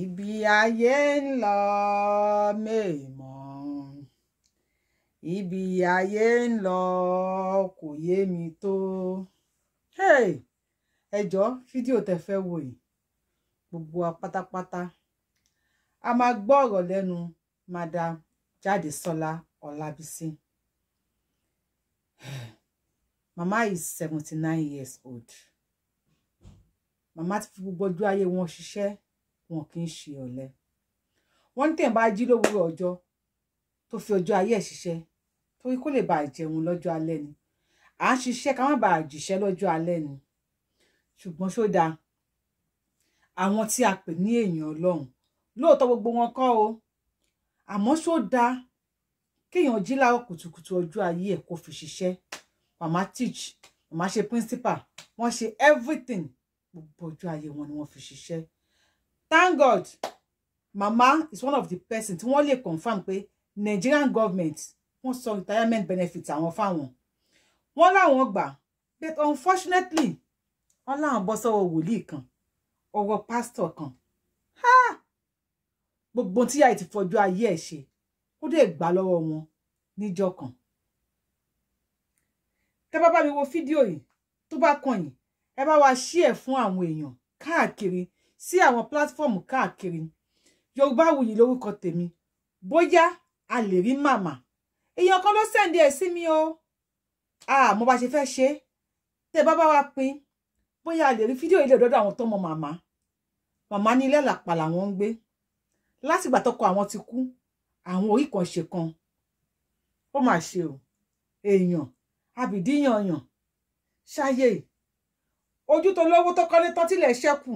ibi ayé ń lọ mèèmọ̀ ibi ayé ń lọ kò yé mi tó ẹ jọ̀ọ́ fídíò tẹ fẹ́ wò yìí gbogbo wa pátápátá a máa gbọ́ ọ̀rọ̀ lẹ́nu madam Jádesọ́lá Ọlábísí mama is seventy nine years old mama ti fi gbogbo ọjọ́ ayé wọn ṣiṣẹ́ wọn kì í ṣe ọ̀lẹ wọ́n ní tẹ̀yìn bá jí lówùúrọ̀ ọjọ́ tó fi ọjọ́ ayé ẹ̀ ṣiṣẹ́ torí kó lè bàa jẹun lọ́jọ́ alẹ́ ni à ń ṣiṣẹ́ ká má bàa jíṣẹ́ lọ́jọ́ alẹ́ ni ṣùgbọ́n ṣó dáa àwọn tí a pè ní èèyàn ọlọ́run lóòótọ́ gbogbo wọn kọ́ o àmọ́ ṣó dáa kéèyàn jí láàárọ̀ kùtùkùtù ọjọ́ ayé ẹ̀ kó fi ṣiṣẹ́ màmá teach màmá ṣe principal wọ́n ṣe everything gbogbo ọjọ́ ayé wọn ni wọ́n fi ṣiṣẹ́ thank god mama is one of the person tí wọ́n lè confam pé nigerian government wọ́n sọ retirement benefits àwọn fáwọn wọ́n láwọn gbà but unfortunately wọ́n láwọn bọ́ sọ́wọ́ wòlíì kan ọwọ́ pásítọ̀ kan gbogbo tíyà ti fọjú ayé ẹ̀ ṣe ó dé gbà lọ́wọ́ wọn níjọ́ kan tẹ́ bá bá mi wo fídíò yìí tó bá kàn yín ẹ bá wa ṣí ẹ̀ fún àwọn èèyàn káàkiri sí àwọn platform káàkiri Yorùbáwùyí lórúkọ tèmi bóyá a lè rí màmá èèyàn kan ló sẹ̀ǹdí ẹ̀ sí mi o ah mo bá ṣe fẹ́ ṣe tẹ́ bá bá wa pín bóyá a lè rí fídíò ilé òdòdó àwọn tọmọ màmá màmá ní ilé làpà làwọn ń gbé látìgbà tọkọ àwọn ti kú àwọn orí kan ṣe kan ó mà ṣe o èèyàn àbìdíyàn yàn ṣáyé ojú tó lówó tó kọ́lé tán tilẹ̀ ṣẹ́kù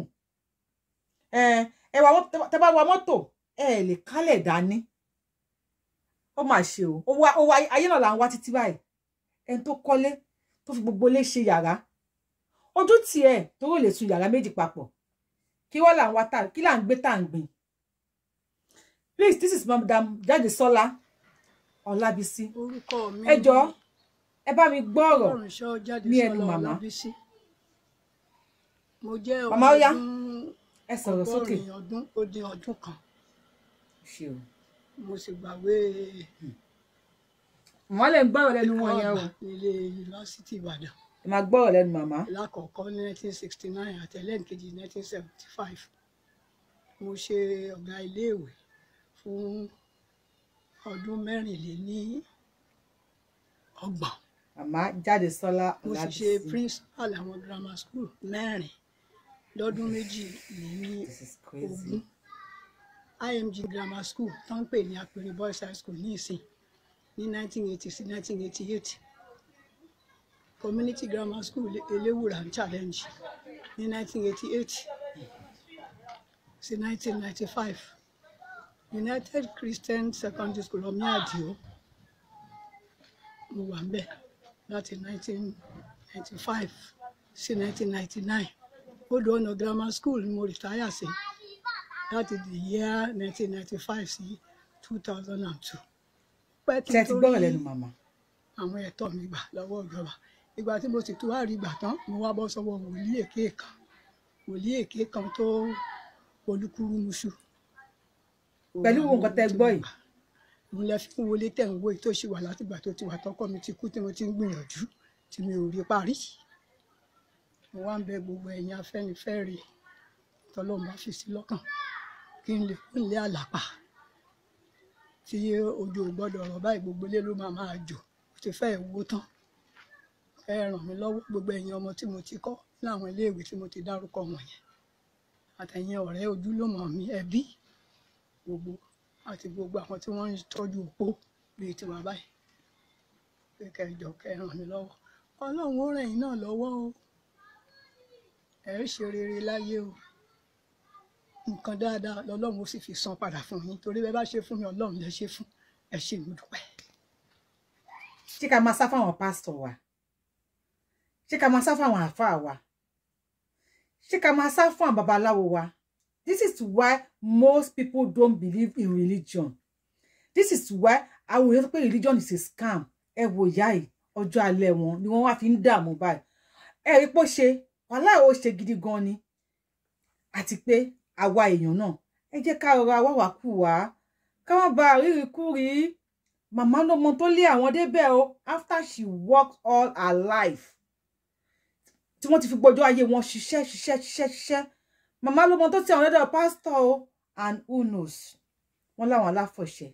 Eh, ẹ wà tẹ bá wa mọ́tò ẹ lè kálẹ̀ dání ó mà ṣe o ó wá ó wá ayé náà là ń wá títí báyìí ẹni tó kọ́lé tó fi gbogbo lé ṣe yàrá ojú tiẹ̀ tó rò lè sun yàrá méjì papọ̀ kí wọ́n là ń wá tà kí là ń gbé tà ń gbìn please this is madam jáde sọlá ọlábísí ẹ jọ ẹ bá mi gbọ́ ọ̀rọ̀ ní ẹnu màmá màmá ó yá ẹ sọ̀rọ̀ sókè ọgọ́rin ọdún ó dín ọdún kan mo sì gbàwé wọn hmm. lè gbọ́ ọ̀rẹ́ wọn yẹn o. ilé yunifásitì ìbàdàn. ẹ máa gbọ́ màmá. lákọ̀ọ́kọ́ ní nineteen sixty nine àtẹlẹ́ǹkejì nineteen seventy five mo ṣe ọ̀gá iléèwé fún ọdún mẹ́rìnléní ọgbọ̀n. màmá Jádesọ́lá ọ̀làdìsí. mo sì ṣe principal àwọn grammar school mẹ́rin lọ́dún méjì ní ogún IMG Grammar School tó ń pè ní Apere Boys High School ní ìsìn ní 1980 sí 1988 Community Grammar School Eléwùrà Challenge ní 1988 sí 1995 United Christian Secondary School ọmí àdìo mo wà ń bẹ̀ láti 1995 sí 1999 odò ọ̀nà grammar school in mo See, that is the year 1995. See, 2002. But two thousand and mama, I'm kí n tó rí àwọn ẹ̀tọ́ mi gbà lọ́wọ́ ìjọba ìgbà tí mo sì tún wá rí gbà tán mo wá bọ́ sọ́wọ́ wòlíì èké kan wòlíì èké kan tó olúkúrúmuṣu. pẹ̀lú ohun kan tẹ́ gbọ́ yìí. mo lẹ fi wọlé tẹ̀ ń wo ètò ìṣìwà látìgbà tó ti wà tọkọ mi ti kú tí mo ti ń gbìyànjú tí mi ò rí parí mo wá ń bẹ gbogbo ẹ̀yin afẹ́nifẹ́re tọ́lọ́run bá fi sí lọ́kàn kí n lè kún ilé àlàpà tí ojú ò gbọ́dọ̀ ọ̀rọ̀ báyìí gbogbo ilé ló máa máa jò ó ti fẹ́ wó tán ẹ ràn mí lọ́wọ́ gbogbo ẹ̀yin ọmọ tí mo ti kọ́ láwọn iléèwé tí mo ti dárúkọ wọ̀nyẹn àtẹ̀yìn ọ̀rẹ́ ojúlọ́mọ mi ẹbí gbogbo àti gbogbo àwọn tí wọ́n ń tọ́jú òpó bíi tiwa báyìí kẹkẹ ìjọ kẹràn mi lọ́wọ́ ọlọ́run ó ràn yín náà lọ́wọ́ o ẹ ń ṣe rere láyé o nǹkan dáadáa lọ́lọ́run ó sì fi san padà fún yín torí bẹ́ẹ̀ bá ṣe fún mi ọlọ́run lè ṣe fún ẹ ṣe ìlú dúpẹ́. ṣé ká máa sá fáwọn pásítọ̀ wa ṣé ká máa sá fáwọn àáfàá wa ṣé ká máa sá fún àwọn wa this is why most people don't believe in religion this is why àwọn èèyàn sọ pé religion is a scam ẹ wò ìyá ọjọ́ alẹ́ wọn ni wọ́n wá fi ń dààmú báyìí ẹ rí pọ́ ṣe wàhálà ò ṣe gidi gan ni àti pé àwa èèyàn náà ẹ jẹ́ ká rọra wá wá kù wá ká má ba àríri kú rí màmá lọmọ tó lé àwọn débẹ̀ o after she worked all her life tí wọ́n ti fi gbọ́jọ́ ayé wọn ṣiṣẹ́ ṣiṣẹ́ ṣiṣẹ́ ṣiṣẹ́ màmá lọmọ tó ti àwọn débẹ̀ pásítọ̀ o and who knows wọ́n láwọn aláfọ̀ṣẹ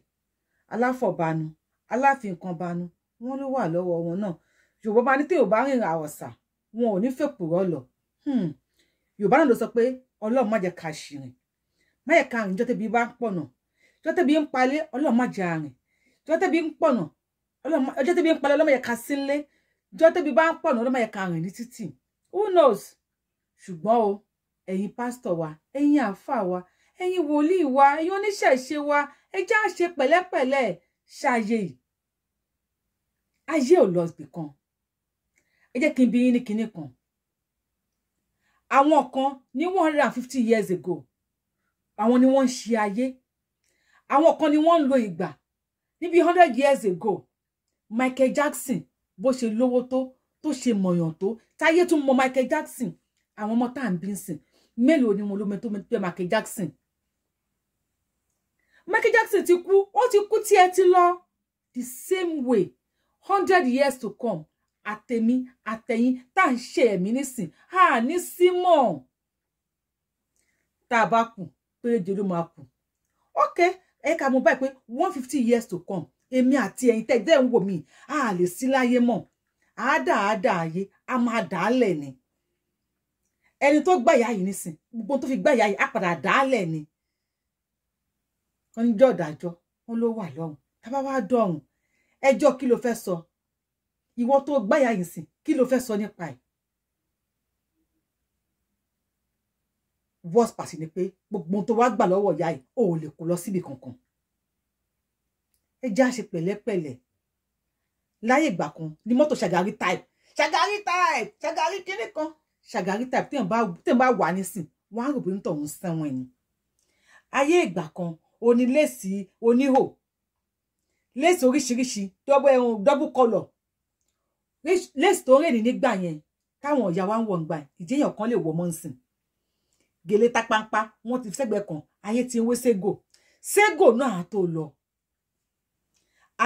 aláfọ̀banu aláfin kan banu wọ́n ló wà lọ́wọ́ wọn náà yorùbá bá ní tí yorùbá rìnrìn àwọ̀sà wọn ò ní fèpò rọlọ hmm. yorùbá náà ló sọ pé ọlọ́run má jẹ́ ká ṣìrìn má jẹ́ ká rìn jọ́tẹ́bí bá ń pọ̀nà jọ́tẹ́bí ń palẹ̀ ọlọ́run má jẹ́ àrìn jọ́tẹ́bí ń pọ̀nà jọ́tẹ́bí ń palẹ̀ ọlọ́run má jẹ́ ká sílé jọ́tẹ́bí bá ń pọ̀nà ọlọ́run má jẹ́ ká rìn ní títì who knows ṣùgbọ́n o ẹ̀yin pásítọ̀ wa ẹ̀yin àáfàá wa ẹ̀yin wòlíì wa ẹ̀yin oníṣẹ̀ṣe wa ẹ já ṣe pẹ̀lẹ́pẹ̀lẹ́ ṣáàyè yìí ayé ò lọ ibì kan ẹ jẹ́ kí n bi yín ní kinní kan àwọn kan ní one hundred and fifty years ago àwọn ni wọ́n ń ṣe ayé àwọn kan ni wọ́n ń lo ìgbà níbi hundred years ago Michael Jackson bó ṣe lówó tó tó ṣe mọ̀yàn tó táyé tún mọ Michael Jackson àwọn ọmọ tá à ń bí sìn mélòó ni mo lómi tó pẹ́ Michael Jackson Michael Jackson ti kú ó ti kú tí ẹ ti lọ the same way hundred years to come àtẹ̀mí àtẹ̀yìn tá à ń ṣe ẹ̀mí nísìn a ní símọ̀ tá a bá kù péréje ló máa kù ok ẹ ká mọ̀ báyìí pé one fifty years to come èmi àti ẹ̀yin tẹ́ dẹ́ ń wò mí a lè sí láyé mọ́ àádà àádà ayé a máa dà á lẹ̀ ni ẹni tó gbàyà yìí nísìn gbogbo tó fi gbàyà yìí á padà dà á lẹ̀ ni wọ́n ń jọ́ ọ̀dàjọ́ wọ́n ló wà lọ́hùn tá a bá wá dọ̀hùn ẹjọ́ kí ló fẹ́ sọ. So ìwọ tó gbáyà yìí sìn kí ló fẹ́ sọ nípa ẹ̀ worst part ni pé gbogbo tó wá gbà lọ́wọ́ ìyá yìí ò lè kó lọ síbi kankan ẹ já ṣe pẹ̀lẹ́pẹ̀lẹ́ láyé ìgbà kan ní mọ́tò ṣàgárí type ṣàgárí type ṣàgárí kíní kan ṣàgárí type téèyàn bá téèyàn bá wà nísìn wọn á rò pé nítorí òun sẹ́wọ̀n ẹni ayé ìgbà kan onílẹ̀sì oníhò lẹ́sì oríṣiríṣi dọ́bù ẹ̀hún dọ́bù kọlọ̀ lace tó nígbà yẹn káwọn ọ̀yà wa ń wọ̀ ǹgbà ìjẹyàn kan lè wọ̀ mọ́ nsìn gèlè tapampa wọn ti sẹ́gbẹ̀ẹ́ kan ayé ti ń wé ségò ségò náà tó lọ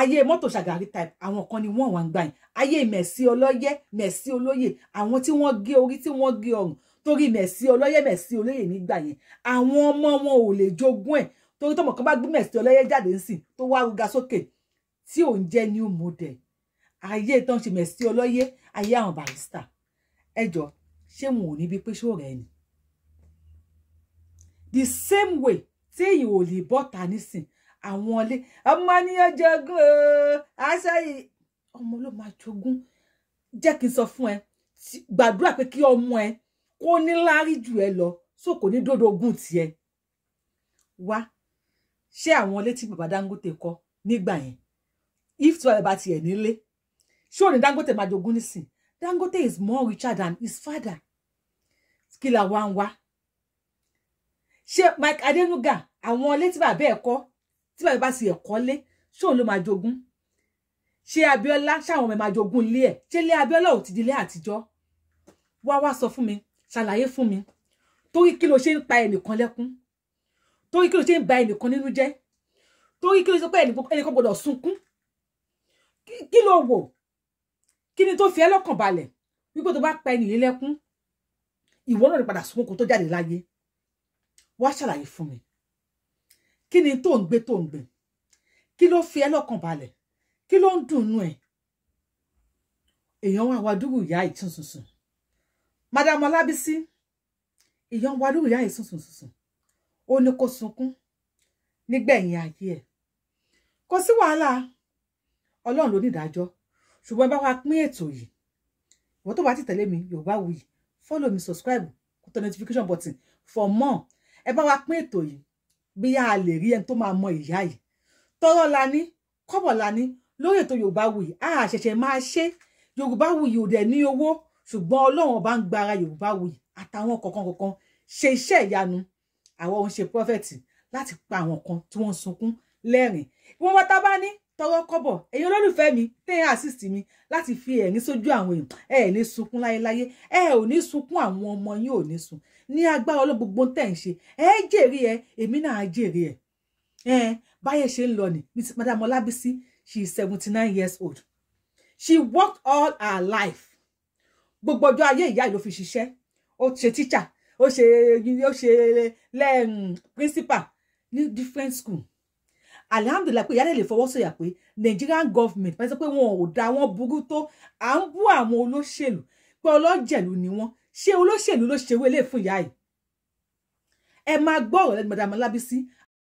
ayé mọ́tò ṣàgàrí type àwọn kan ni wọ́n wà ń gbà yẹn ayé mẹ̀sí ọlọ́yẹ mẹ̀sí olóyè àwọn tí wọ́n gé orí tí wọ́n gé ọrùn torí mẹ̀sí ọlọ́yẹ mẹ̀sí olóyè nígbà yẹn àwọn ọmọ wọn ò lè jogún ẹ̀ torí tọmọ kan bá gbé mẹ̀sí ọlọ́yẹ jáde ń tó wá ruga sókè tí ò jẹ́ new model ayé tó ń ṣe mẹ̀sí ọlọ́yẹ ayé àwọn barista ẹ jọ ṣé wọn ò ní bí pé ṣó rẹ ni the same way téèyàn ò lè bọ́ta nísìn àwọn ọlẹ́ ọmọ ni ó jogún o aṣọ yìí ọmọ ló máa jogún jẹ́ kí n sọ fún ẹ gbàdúrà pé kí ọmọ ẹ kó níláárí jù ẹ lọ so kò ní dódógún tiẹ wá ṣé àwọn ilé tí bàbá Dangote kọ́ nígbà yẹn if tí wàá bá tiẹ̀ nílé ṣó ni Dangote máa jogún Dangote is more richer than his father kí la wá ń wá ṣé Mike Adenuga àwọn ilé tí bàbá ẹ̀ kọ́ tí bàbá bá sì ẹ̀ kọ́lé ṣó ló máa She ṣé Abiola ṣáwọn ọmọ ẹ̀ máa jogún ilé ẹ̀ ṣé ilé Abiola ò ti di ilé àtijọ́ wá wá sọ fún mi ṣàlàyé fún mi torí kí ló ṣe ń pa ẹnìkan lẹ́kún torí kí ló ṣe ń ba ẹnìkan nínú jẹ́ torí kí ló ṣe pé ẹnìkan gbọ́dọ̀ sunkún kí ló wò kí ni tó fi ẹ́ lọ́kàn balẹ̀ wípé tó bá pa ẹni yìí lẹ́kún ìwọ náà lè padà sunkún kó tó jáde láyé wá ṣàlàyé fún mi kí ni tó ń gbé tó ń gbé kí ló fi ẹ́ lọ́kàn balẹ̀ kí ló ń dùnnú ẹ̀ èèyàn wà wá dúró ìyá yìí tún sùn sùn madam Ọlábísí èèyàn wà dúró ìyá yìí tún sùn sùn ó ní kó sunkún nígbẹ̀yìn ayé ẹ̀ kò sí wàhálà Ọlọ́run ló ní ìdájọ́ ṣùgbọ́n bá wa pín ètò yìí ìwọ tó bá ti tẹ̀lé mi Yorùbáwùyí follow me, subscribe kó tẹ notification button for more ẹ bá wa pín ètò yìí bí a lè rí ẹni tó máa mọ ìyá yìí tọ́rọ̀ la ní kọ́bọ̀ la ní lórí ètò Yorùbáwùyí a ṣẹ̀ṣẹ̀ máa ṣe Yorùbáwùyí ò dẹ̀ ní owó ṣùgbọ́n Ọlọ́run ọba ń gba ara Yorùbáwùyí àtàwọn kọ̀ọ̀kan kọ̀ọ̀kan ṣe iṣẹ́ ìyanu àwọn òun ṣe prọfẹ̀tì láti pa àwọn kan tí wọ́n ń sunkún lẹ́rìn ìwọ́n bá bá ní tọwọ́ kọ́bọ̀ ẹ̀yin olólùfẹ́ mi tẹ́yìn assist mi láti fi ẹ̀rín sójú àwọn èèyàn ẹ ní sunkún láyéláyé ẹ ò ní sunkún àwọn ọmọ yín ò ní sun ní agbára ọlọ́ gbogbo tẹ̀ ń ṣe ẹ jèrè ẹ èmi náà jèrè ẹ ẹ báyẹ̀ ṣe ń lọ ni madam Ọlábísí she is seventy nine years old she worked all her life gbogbo ọjọ́ ayé ìyá ló fi ṣiṣẹ́ ó ṣe teacher ó ṣe ó ṣe lẹ́ẹ̀n principal ní different school alihamdulilayi pé ìyálẹ̀ lè fọwọ́ sọ̀yà pé Nigerian government pẹ̀lú pé wọn ò da wọn burú tó à ń bú àwọn olóṣèlú pé ọlọ́jẹ̀lú ni wọ́n ṣé olóṣèlú ló ṣe wélé fún ìyá yìí ẹ máa gbọ́ ọ̀rọ̀ lẹ́nu Madam